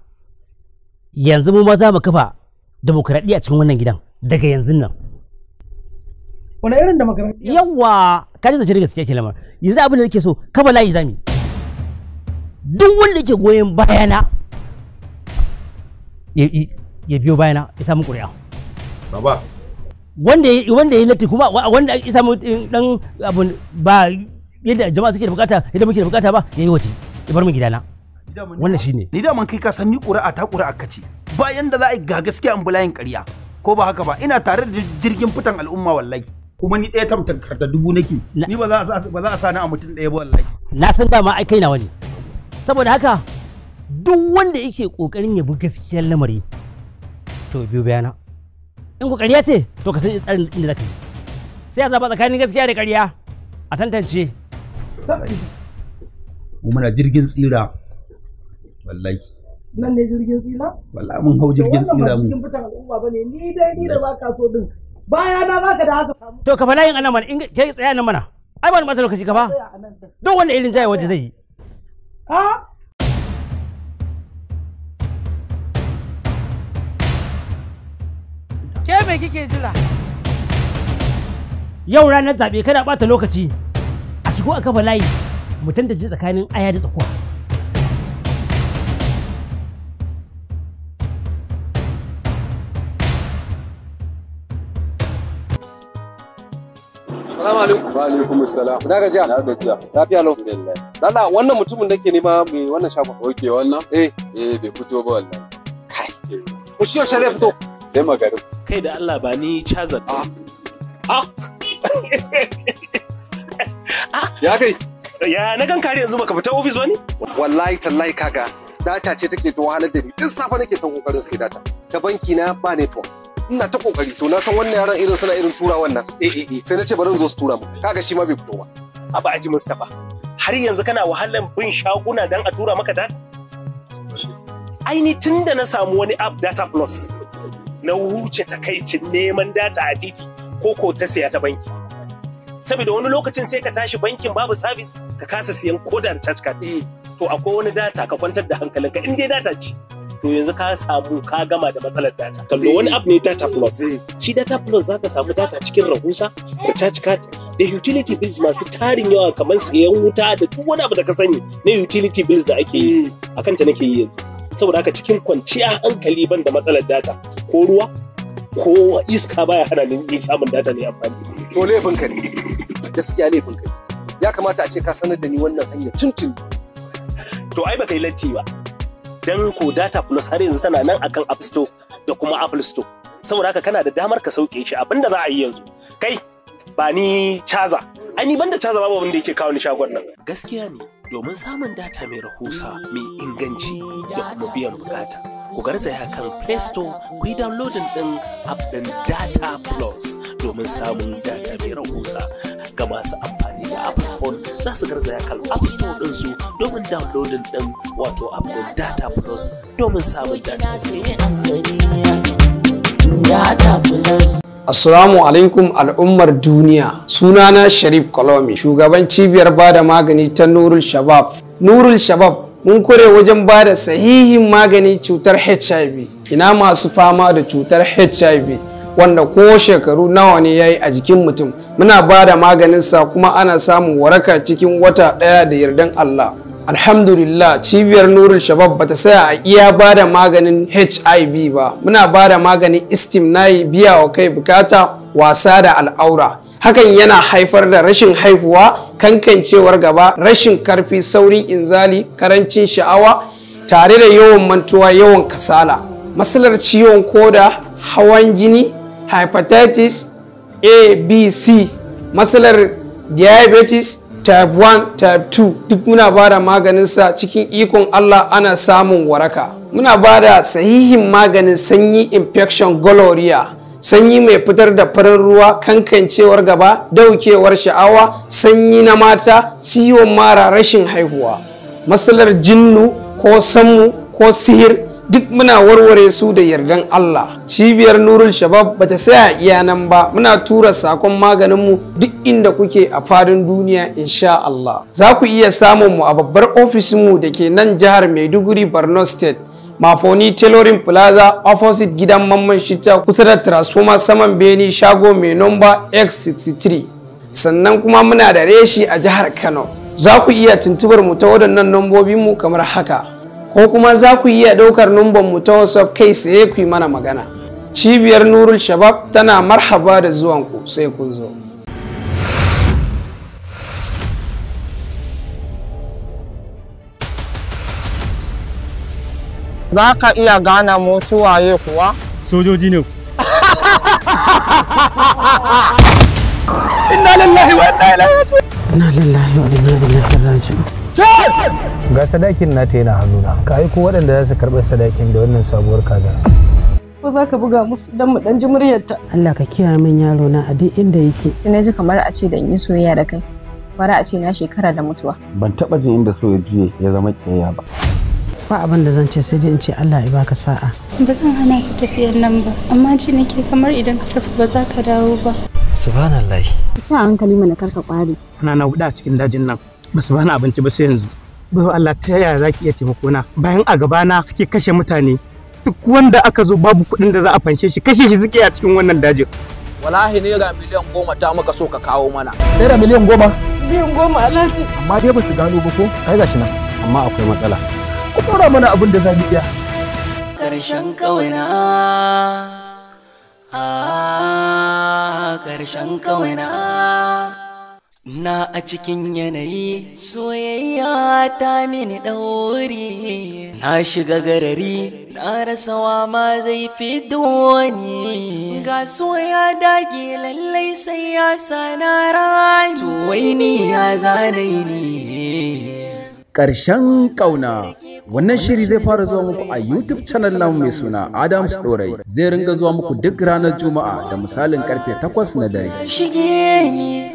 yanzu mu ma za mu kafa demokuraɗiyya cikin wannan gidan daga yanzu nan wani irin demokuraɗiyya yawa ka ji zancen gaskiya ke lamar yanzu abin da nake so kafa layi zami duk wanda ke goyon bayana ya biyo bayana ya samu ƙuri'a baba wanda ya wanda ya latti kuma wanda ya samu eh, dan abu ba yadda jama'a suke da bukata yadda muke da bukata ba yayi wace ya bar mu gidana wannan shine ni da man kai ka san ni ƙura'a ta ƙura'a kace bayan da za a yi ga gaskiya an bulayin ƙarya ko ba haka ba ina tare da jirgin fitan al'umma wallahi kuma ni ɗaya tamtakar da dubu nake ni ba za a sa ni a mutum ɗaya ba wallahi na san dama ai kai nawa ne saboda haka duk wanda yake kokarin ya bi gaskiyar lamari to biyo bayana in ku ƙarya ce to ka san tsarin inda zaka yi sai a zaba tsakanin gaskiya da ƙarya a tantance mu muna jirgin tsira wallahi nan ne jirgin tsira wallahi mun hau jirgin tsira mu bane ni dai ni da baka so din baya na baka da haka to ka fara yin anan mana in kai tsaya nan mana ai ba ni mata lokaci ka ba don wanda irin jaye wanda zai yi ha Ke me kike jira? Yau ranar zaɓe kada ɓata lokaci. A shigo a kafa layi mu tantance tsakanin aya da tsakuwa. Salamu alaikum. Wa alaikum salam. Na gajiya. Na gajiya. Lafiya lau. Lalla wannan mutumin da ke nema mai wannan shagon. Ok wannan? Eh. Eh bai fito ba wallahi. Kai. Ku shi yaushe zai fito? Sai magarin. kai da Allah ba ni chazar ba. Ah. Ah. [LAUGHS] Ah. ya kai ya na gan kare yanzu baka fita ba ni? wallahi tallahi kaga data ce take ta wahalar da ni tun safa nake ta kokarin sai data ta banki na ba network ina ta kokari to na san wannan yaran irin suna irin tura wannan eh eh, eh. sai na ce bari zo su tura mu kaga shi ma bai fito ba aba aji mustafa har yanzu kana wahalar bin shaguna dan a tura maka data ai ni tun da na samu wani app data plus na wuce takaicin neman data a titi ko ko ta siya ta banki saboda wani lokacin sai ka tashi bankin babu sabis ka kasa siyan kodar charge card eh. to akwai wani data ka kwantar da hankalinka in dai data ce to yanzu ka samu ka gama da matsalar data kallo wani app ne data plus eh. shi data plus za ka samu data cikin rahusa da charge card da utility bills masu tarin yawa kamar siyan wuta da duk wani abu da ka sani na utility bills da ake yi eh. akan ta nake yi yanzu saboda haka cikin kwanciya hankali ban da matsalar data ko ruwa ko iska baya hana ni samun data ne amfani to laifin ka ne gaskiya laifin ka ya kamata a ce ka sanar da ni wannan hanyar tuntun to ai baka yi latti ba dan ko data plus har yanzu tana nan akan app store da kuma apple store saboda haka kana da damar ka sauke shi abinda za a yi yanzu kai ba ni caza ai ni banda caza babu wanda yake kawo ni shagon nan gaskiya ne domin samun data mai rahusa mai inganci da kuma biyan bukata. Ku garzaya kan Play Store ku yi downloading ɗin app ɗin Data Plus domin samun data mai rahusa ga masu amfani da Apple phone za su garzaya kan App Store ɗinsu domin downloading ɗin wato app ɗin Data Plus domin samun data mai rahusa. Assalamu alaikum al'ummar duniya. Sunana Sharif Kolomi, shugaban cibiyar bada magani ta Nurul Shabab. Nurul Shabab mun kure wajen bada sahihin magani cutar HIV. Ina masu fama da cutar HIV wanda ko shekaru nawa ne yayi a jikin mutum. Muna bada maganinsa kuma ana samun waraka cikin wata ɗaya da yardan Allah. alhamdulillah cibiyar nurul shabab ba ta saya a iya ba da maganin hiv ba muna ba da maganin yi biya wa kai bukata wasa da al'aura hakan yana haifar da rashin haifuwa kankancewar gaba rashin karfi saurin inzali karancin sha'awa tare da yawan mantuwa yawan kasala matsalar ciwon koda hawan jini hepatitis a b c matsalar diabetes type 1 type 2 duk muna ba da sa cikin ikon Allah ana samun waraka muna ba da sahihin maganin sanyi infection gonorrhea sanyi mai fitar da farin ruwa kankancewar gaba daukewar sha'awa sanyi na mata ciwon mara rashin haihuwa matsalar jinnu ko sammu ko sihir duk muna warware su da yardan Allah cibiyar nurul shabab ba bata saya iya nan ba muna tura sakon maganinmu duk inda kuke a fadin duniya insha Allah za ku iya samun mu a babbar ofishinmu da ke nan jihar Maiduguri Borno State Mafoni Tailoring Plaza opposite gidan Mamman Shitta kusa da Transformer saman Beni shago mai nomba X63 sannan kuma muna da reshi a jihar Kano za ku iya tuntubar mu ta waɗannan mu kamar haka ko kuma za ku iya ɗaukar numban mu ta whatsapp kai tsaye ku yi mana magana cibiyar nurul shabab tana marhaba da zuwanku sai kun zo Za ka iya gana mu waye kuwa? Sojoji ne. Inna lillahi wa inna ilaihi Inna lillahi wa inna ilaihi raji'un. Ga sadakin nata yana hannuna, ka aiko waɗanda za su karɓar sadakin da wannan sabuwar kaza. Ko za ka buga musu don mu ɗan ji muryarta. Allah ka kiyaye min yaro na a duk inda yake. Ina ji kamar a ce da in yi soyayya da kai. Bara a ce na shekara da mutuwa. Ban taɓa jin inda so ya juye ya zama kiyayya ba. ba abin da zan ce sai dai in ce Allah ya baka sa'a. Ba zan hana ka tafiyar nan ba, amma ji nake kamar idan ka tafi ba za ka dawo ba. Subhanallah. Ki hankali mana karka kwari. Ana na a cikin dajin nan. ba su bani abinci ba sai yanzu ba Allah ta yaya za ki iya taimako na bayan a gaba na suke kashe mutane duk wanda aka zo babu kuɗin da za a fanshe shi kashe shi suke a cikin wannan dajin wallahi naira miliyan goma ta maka so ka kawo mana naira miliyan goma miliyan goma alhaji amma dai ba su gano ba ko kai gashi nan amma akwai matsala ku mana abin da za mu iya na ah karshen kawai na. Na a cikin yanayi soyayya ta mini ɗauri Na shiga garari na rasawa ma zai fi duwani Ga soya dage lallai sai ya sana rami To ni ya zanai ni. Ƙarshen ƙauna wannan shiri zai fara zuwa muku a YouTube channel namu mai suna Adams Dorai zai ringa zuwa muku duk ranar Juma'a da misalin karfe 8 na dare. Shige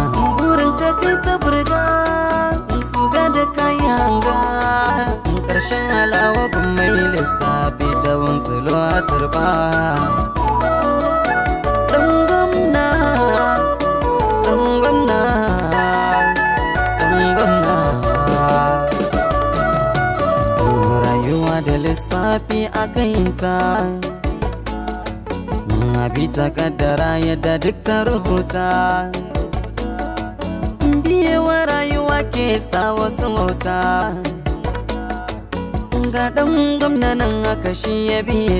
karba ɗan gwamna ɗan gwamna ɗan gwamna da lissafi a kanta abi ta kaddara yadda duk ta rubuta biyewa rayuwa ke sa wasu mota. ga ɗan gwamnanin aka shi ya biye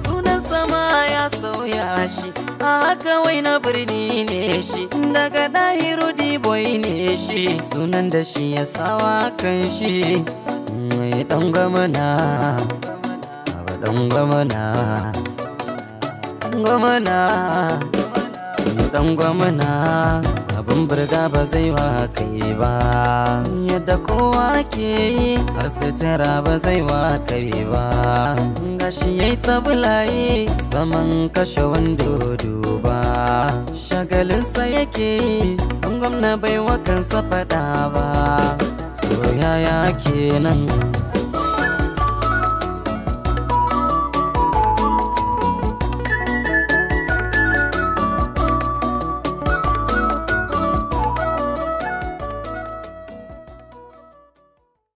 sunan sama ya sauya shi haka wai na birni ne shi daga ɗahiru boy ne shi sunan da shi ya sawa kan shi mai ɗan gwamna ɗan gwamna gwamna ɗan gwamna abin burga ba zai wa kai ba yadda kowa ke yi har sutura ba zai wa kai ba gashi ta yi. zaman kashe wando duba shagalinsa yake yi gwamna bai wa kansa faɗa ba soyaya kenan